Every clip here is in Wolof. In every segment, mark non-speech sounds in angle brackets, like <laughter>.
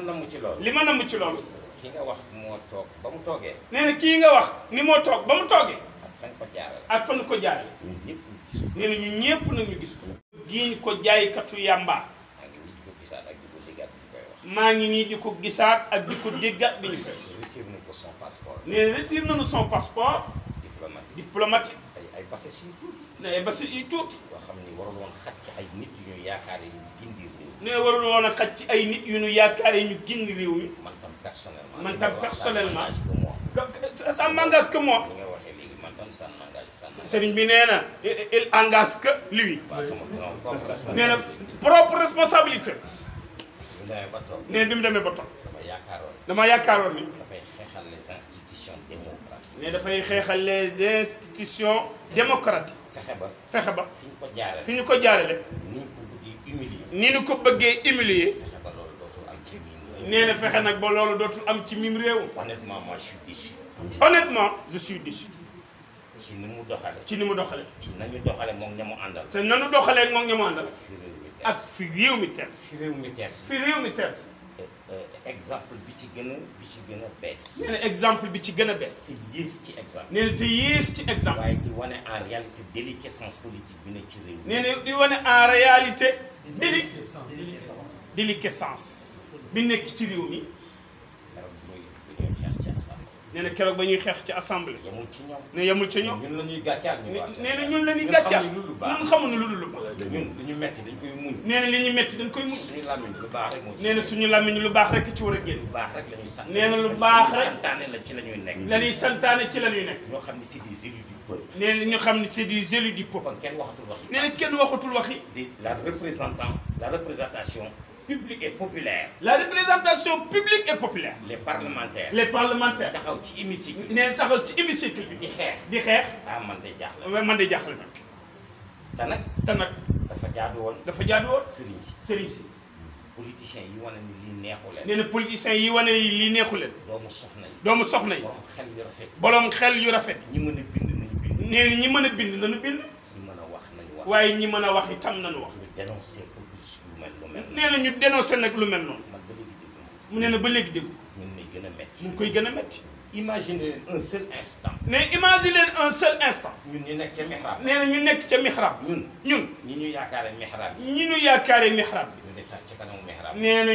na mu ci loolu. li na mu ci loolu. ki nga wax moo toog ba mu toogee. nee na kii nga wax ni moo toog ba mu toogee. ak fan ko jaarale. ak fan ko jaarale. ñun ñëpp na ñu gis ko. giiñ ko jaaykatu yàmba. maa ngi nii di ko gisaat ak di ko déggaat bi ñu koy. ko son passeport. nee na retire nañu son passeport. diplomatique diplomatique. ay ay bases yu tuuti. ay xam ne waroon ay nit yaakaar yu ne warul woon a ci ay nit yu ñu yaakaar yi ñu génn réew mi. man tam personnellement. man tam personnellement. ça m'engage que moi. sëriñ bi nee na il engage que lui. nee na propre responsabilité. nee bi mu demee ba dama yaakaaroon ni. dafay xeexal les institutions démocratiques. dafay xeexal les institutions démocratiques. fexe ba fexe ba. fi ñu ko jaarale fi ñu ko jaarale. ni ñu ko bëggee humilier. nee na fexe nag ba loolu dootul am ci mim réew. honnêtement ma je suis déçu. honnêtement je suis déçu. ci ni mu doxale ci ni mu doxale ci nañu doxale moom ña mu àndal. te nañu doxalee moom ña mu àndal. ak fi réew mi tees. fi réew mi tees. fi réew mi tees. Euh, exemple bi ci gën a bi ci gën a bees. nee exemple bi ci gën a bees. te yées ci exemple. nee na te yées ci exemple. waaye di wane en réalité déliquescence bi ne ci réew mi. nee na di wane en réalité. déliquescence déliquescence. bi nekk ci réew mi. nee na keroog ba ñuy xeex ci assemblée. yemul ñuy gàccaal ñu waa nee na ñun la ñuy gàccaal ñun lu ñu metti dañ koy muñ. nee metti dañ koy muñ. suñu làmmiñ lu baax rek moo ci. nee na war a génn. lu baax la ñuy sant. na lu la ci la ñuy nekk. la ñuy santaane ci la ñuy nekk. ñoo xam ne c'est des élus du peuple. nee na ñu xam ne c'est des élus du peuple. kon kenn waxatul wax. nee na kenn waxatul waxi. la représentant la représentation publique et populaire. la représentation publique et les parlementaires. les parlementaires. taxaw ci hémicycle. neen taxaw ci hémicycle bi. di xeex di xeex. ah man de jaaxle. man de jaaxle nag. te nag. te dafa jaadu dafa jaadu woon. sëriñ si sëriñ yi wane ni lii neexu leen. nee na yi wane ni lii neexu leen. doomu soxna yi. doomu xel yu rafet. borom xel yu rafet. ñi mën a bind nañu bind. nee ñi mën a bind nañu bind. ñi mën a wax nañu waaye ñi mën a wax itam nañu wax. nee na ñu dénoncé nag lu mel noonu. mu nee na ba léegi dégg. mu ngi gën a métti. mu koy gën a métti. imaginez leen un seul instant. mais imaginez leen un seul instant. ñun ñu nekk ca mihrab. nee ñu nekk ca mihrab. ñun ñu ñu yaakaaree mihrab. ñi ñu ñu yaakaaree mihrab. ñu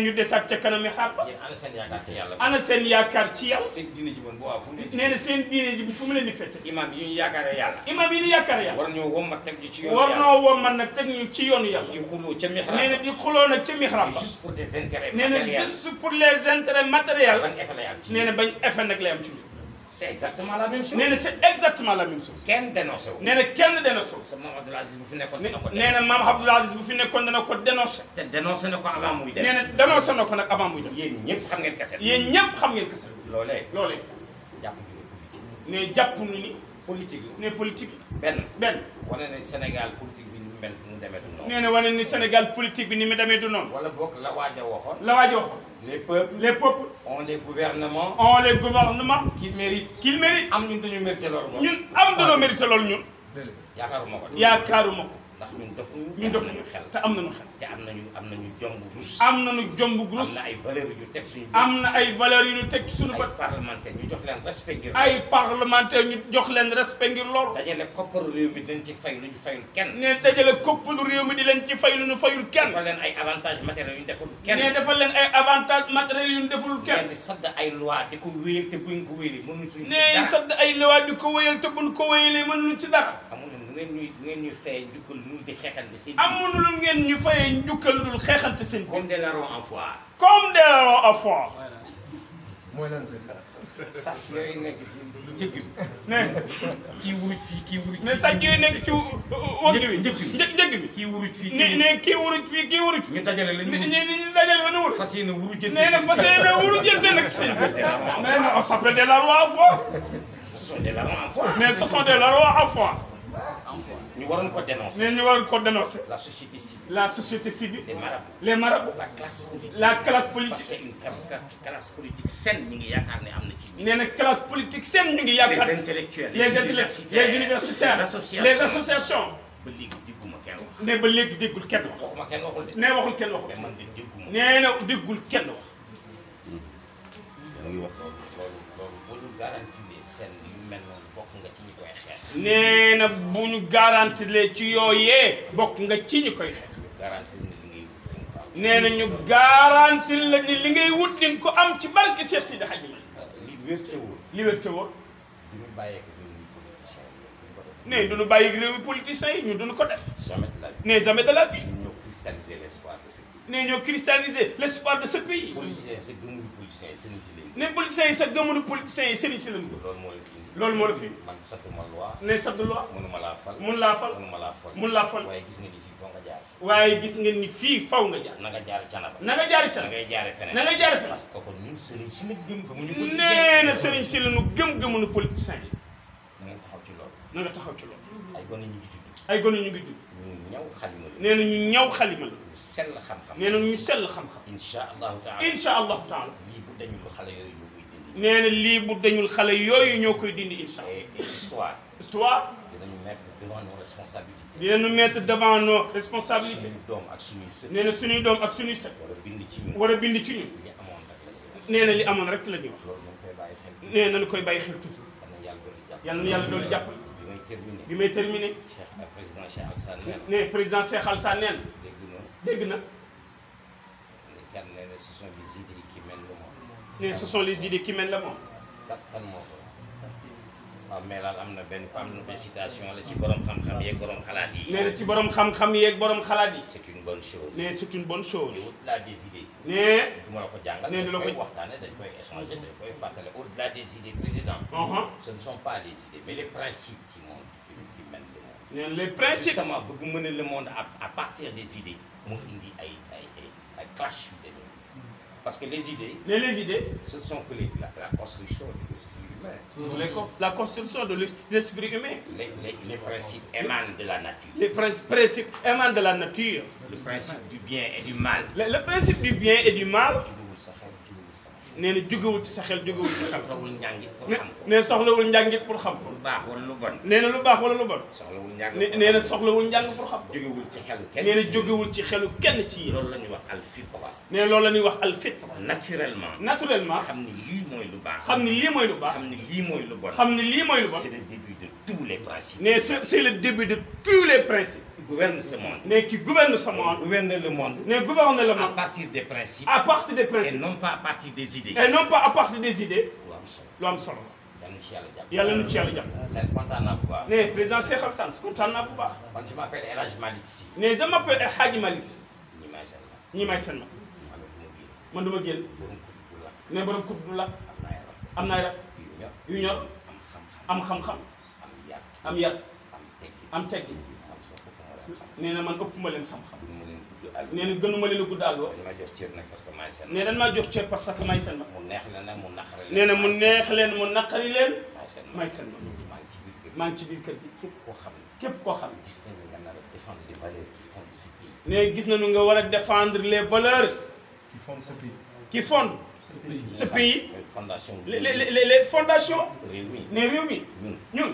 ñu desaat ca kanamu ana seen yaakaar ci yàlla. ana seen yaakaar ci fu mu leen di. nee na seen diine ji fu mu leen di fette. imaam yi ñu yaakaaree yàlla. imaam yi ñu yàlla. war ci yoonu yàlla. war ñoo wommat nag teg ñu ci yoonu yàlla. di xuloo na di xuloo nag ca mihraab. juste pour les intérêts matériels. ban bañ effet nag lay am ci c'est exactement la même chose nee na c'est exactement la même chose. kenn dénoncé wu. nee na kenn dénoncé wu. maam Abdoul Aziz bu fi nekkoon dina ko. ko dénoncé. te dénoncé na ko avant muy dem. nee na dénoncé ko nag avant muy dem. yéen ñëpp xam ngeen kaset. yéen ñëpp xam ngeen kaset. ne politique. nee ni. politique la. nee benn benn. wane ne Sénégal politique. mel mu demee du noonu. nee na ni Sénégal politique bi ni mu demee du noonu. wala boog la waaj a la waaj a le les peuples les peuples. ont les gouvernements. le les gouvernements. qui méritent. qui méritent. am ñun dañu mérité loolu moom. ñun am dañoo ah. mérité loolu ñun. yaakaaruma ko yaakaaruma ndax ñun dofuñu ñun dofuñu xel te am nañu xel te am nañu am nañu jomb rus am nañu jomb rus am na ay valeurs yu ñu teg suñu am na ay valeurs yu ñu teg suñu bët ay parlementaire ñu jox leen respect ngir ay parlementaire ñu jox leen respect ngir loolu dajale koppalu réew mi di leen ci fay lu ñu fayul kenn ne dajale koppalu réew mi di leen ci fay lu ñu fayul kenn dafa leen ay avantages matériels yu ñu deful kenn ne dafa leen ay avantages matériels yu ñu deful kenn ngeen di sadd ay loi di ko wéyal te buñ ko wéyalee mënuñ suñu ne sadd ay loi di ko wéyal te buñ ko wéyalee mënuñ ci dara amuñu ngeen ñuy ngeen ñuy fay jukkal lu di xeexante seen. amul lu ngeen ñu fayee njukkal dul xeexante seen. comme des larrons en foire. comme des larrons en foire. mooy lan sàcc yooyu nekk ci njëkk bi. ne kii wuruj fii kii wuruj. ne sàcc yooyu nekk ci wëgg bi njëkk bi njëkk bi. kii wuruj fii kii wuruj ne kii wuruj fii kii wuruj. ñu dajale la ñu ñu dajale la ñu wut. fas yéene wurujante nee na fas yéene wurujante nag seen. nee na on s'appelle des larrons en foire. ce sont des larrons en foire. mais ce sont des larrons en foire. ñu waroon ko dénoncer. ñu waroon ko dénoncer. la société civile. la société civile. les marabouts. les marabouts. la classe politique. la classe politique. parce que une classe politique saine ñu ngi yaakaar ne am na ci. nee na classe politique saine ñu ngi yaakaar. les intellectuels les universitaires les universitaires. les associations les associations. ba léegi dégguma kenn wax. ne ba léegi déggul kenn wax. waxuma kenn waxul de. nee waxul kenn waxul. mais man de dégguma. nee na déggul kenn wax. yaa ngi wax loolu loolu loolu garanti. nee na bu ñu garanti le ci yooyee bokk nga ci ñu koy xeex nee na ñu garanti la li ngay wut ni ko am ci barke Seex Sidi Hajji Maalik ah, li wér te wóor li wér te wóor ne duñu bàyyi réew mi politiciens yi ñu duñu ko def ne jamais de la vie ne ñoo cristalliser l'espoir de ce pays. politiciens yi sa gëmuñu politiciens yi sëriñ si lañ. ne politiciens yi sa gëmuñu politiciens yi sëriñ si lañ. loolu moo la fi indi. loolu moo la fi man sattuma loi. ne satt loi. mënuma laa fal. mun laa fal mënuma laa fal. mun laa fal waaye gis nga ni fii faw nga jaar. waaye gis ngeen ni fii faw nga jaar. na nga jaar canaba. na nga jaar canaba na ngay jaaree feneen. na nga jaaree feneen. parce que kon ñun sëriñ si la gëm gëmuñu. politiciens yi nee na sëriñ si la ñu gëm gëmuñu politiciens yi taxaw ci loolu. na nga ci loolu. ay gone ñu ngi ñu ngi ñaw xalima la. nee na ñu ñaw xalima la. ñu sell xam-xam. nee na ñu sell xam-xam. incha allahu taala incha allahu taala. lii bu dañul xale yooyu ñoo koy dindi. nee na lii bu dañul xale yooyu ñoo koy dindi incha allah. et histoire. <laughs> histoire. dinañu mettre devant nos responsabilités. dinañu mettre devant nos responsabilités. doom ak suñuy sët. nee suñuy doom ak suñuy sët. war a bind ci ñun. war a bind ci ñun. nee na li amoon rek la ñuy wax. koy bàyyi xel toujours yal na yàlla doolu jàpp bi may terminé bi may terminé. Cheikh président Cheikh ne président Cheikh Alassane Nen. dégg na dégg na. ne ce sont les idées qui mènent le monde. waaw mais daal am na benn am na benn citation la ci borom xam-xam yeeg borom xalaat yi. nee ci borom xam-xam yeeg borom xalaat yi. c'est une bonne chose. mais c'est une bonne chose. au-delà la dañ koy waxtaanee dañ koy échanger dañ koy fàttale au-delà des idées président. Uh-huh. ce ne sont pas les idées mais les principes qui moom qui mènent le monde. nee na les principes. justement bëgg le monde à partir des idées moo indi ay ay ay ay clash mm. parce que les idées. mais les idées. ce sont que les la la construction de l'esprit Vous voulez la construction de l'esprit humain. Les, les, les, de la nature. Les principes émanent de la nature. Le principe du bien et du mal. le principe du bien et du mal. nee na jógewul ci sa xel jógewul ci sa xel. soxlawul njàngit pour xam ko. nee na soxlawul njàngit pour xam ko. lu baax wala lu bon. nee na lu baax wala lu bon. soxlawul njàng pour xam ko nee na soxlawul njàng pour xam ko. jógewul ci xelu kenn nee na jógewul ci xelu kenn ci yéen. loolu la ñuy wax alfitra. nee na loolu la ñuy wax alfitra. naturellement. naturellement xam ni lii mooy lu baax. xam ni lii mooy lu baax. xam ni lii mooy lu bon. xam ni lii mooy lu bon. c'est le début de tous les principes. nee c'est le début de tous les principes. gouverne ce monde. mais qui gouverne ce monde. gouverne le monde. mais gouverne le monde. à partir des principes. à partir des principes. et non pas à partir des idées. et non pas à partir des idées. lu am solo lu am solo. yàlla nu ci yàlla jàpp. seen kontaan naa bu baax. mais président Cheikh Alassane kontaan naa bu baax. man je m'appelle El Hadj Malick Sy. mais je m'appelle El Hadj Malick Sy. ñi may seen ma. ñi may seen ma. man du ma génn. mais borom kub du lakk. am na ay rakk. yu ñor am xam-xam am yar am teggin am teggin. nee na man ëpp ma leen xam-xam. nee na gënuma leen a gudd àll wa. nee na jox cër nag parce que maay seen. nee dañ maa jox cër parce que maay seen ma. mu neex leen nag mu naqari leen. nee na mu neex leen mu naqari leen. maay seen ma maay seen ma. maa ngi ci biir kër gi képp koo xam ne. képp koo xam ne. gis nañu nga nar a défendre les valeurs qui fondent ce pays. nee gis nañu nga war a défendre les valeurs. qui fondent ce pays. qui fondent. ce pays ce pays. les fondations. les les les fondations. réew mi nee réew mi ñun.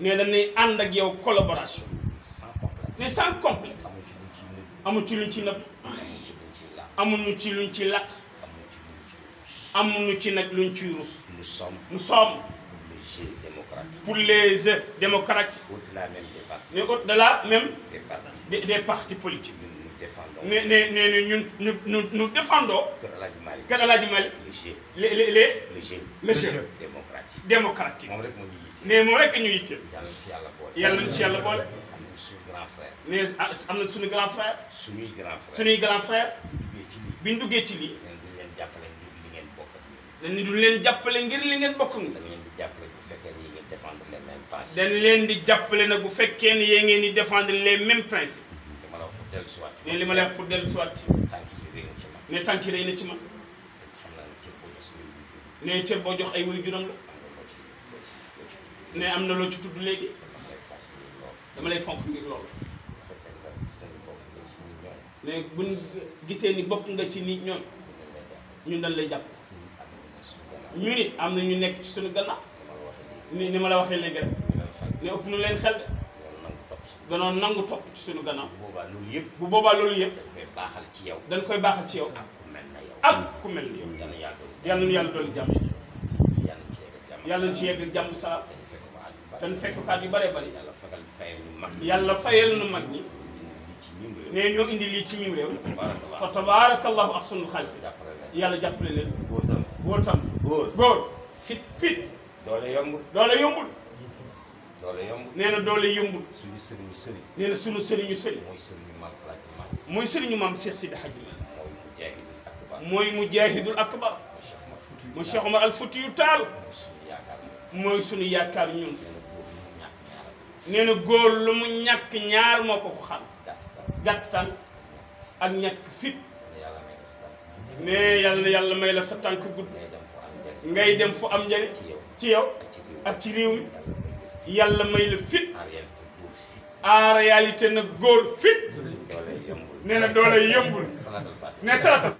ne dañuy ànd ak yow collaboration ne sans complexe amul ci luñ ci nag amuñu ci luñ ci làq amuñu ci nag luñ ciy rus nous sommes nous sommes pour les démocrates au-delà même des partis mais au-delà même des partis politiques défendons. nee nee nee ñun ñu ñu ñu défendons. Kër El Hadj Malick Kër El Hadj Malick. le jeu le le le. le jeu le jeu démocratique. démocratique moom rek moo ñu yitte. nee moom rek ñu yitte. yàlla na ci yàlla boole. yàlla na ci yàlla boole. am na suñu grand frère. nee am na suñu grand frère. suñuy grand frère suñuy grand frère. bi ñu duggee ci lii. dañu du leen jàppale ngir li ngeen bokk nga. dañ leen di jàppale bu fekkee ni yéen ngeen défendre les mêmes principes. dañ leen di jàppale nag bu fekkee ni yéen ngeen di défendre les mêmes principes. dellu si waat ne li ma lay wax pour dellu si waat ci tànk yi na ci man ne tànk yi na ci man ne cër boo jox ay wajuram ne la ne am na loo ci tudd léegi dama lay fonk ngir loolu ne buñ gisee ni bokk nga ci nit ñooñ ñun dañ lay jàpp ñu nit am na ñu nekk ci suñu gannaaw ni ni ma la waxee léegi rek ne ëpp nu leen xel de gënoon nangu topp ci suñu gannaaw. bu boobaa loolu yëpp. bu boobaa loolu yëpp. dañ koy baaxal ci yow. dañ koy baaxal ci yow. ak ku mel na yow. ak ku mel yàlla ci yegg jàmm yàlla ci yegg jàmm saa. te fekk ko at yu bëree bëri. yàlla fagal nu mag ñi. yàlla ne ñoo indi lii ci mim réew. fa tabaarakallahu ahsanul xaaliqiin. yàlla jàppale leen. góor tam góor. góor fit fit. doole yombul doole doole yomb nee na doole yombul suñu sëriñu sëriñ nee suñu sëriñu sëriñ mooy sëriñu mooy sëriñu maam Cheikh Sidi Hadji mooy mujaahidul akbar mooy Cheikh Omar al Fouti yu taal mooy suñu yaakaar ñun nee na góor lu mu ñàkk ñaar moo ko ko xam gàtt tànk ak ñàkk fit nee yàlla yàlla may la sa tànk gudd ngay dem fu am njëriñ ci yow ak ci réew mi yàlla may la fit en réalité nag góor fit nee na doole yëmbul ne salatal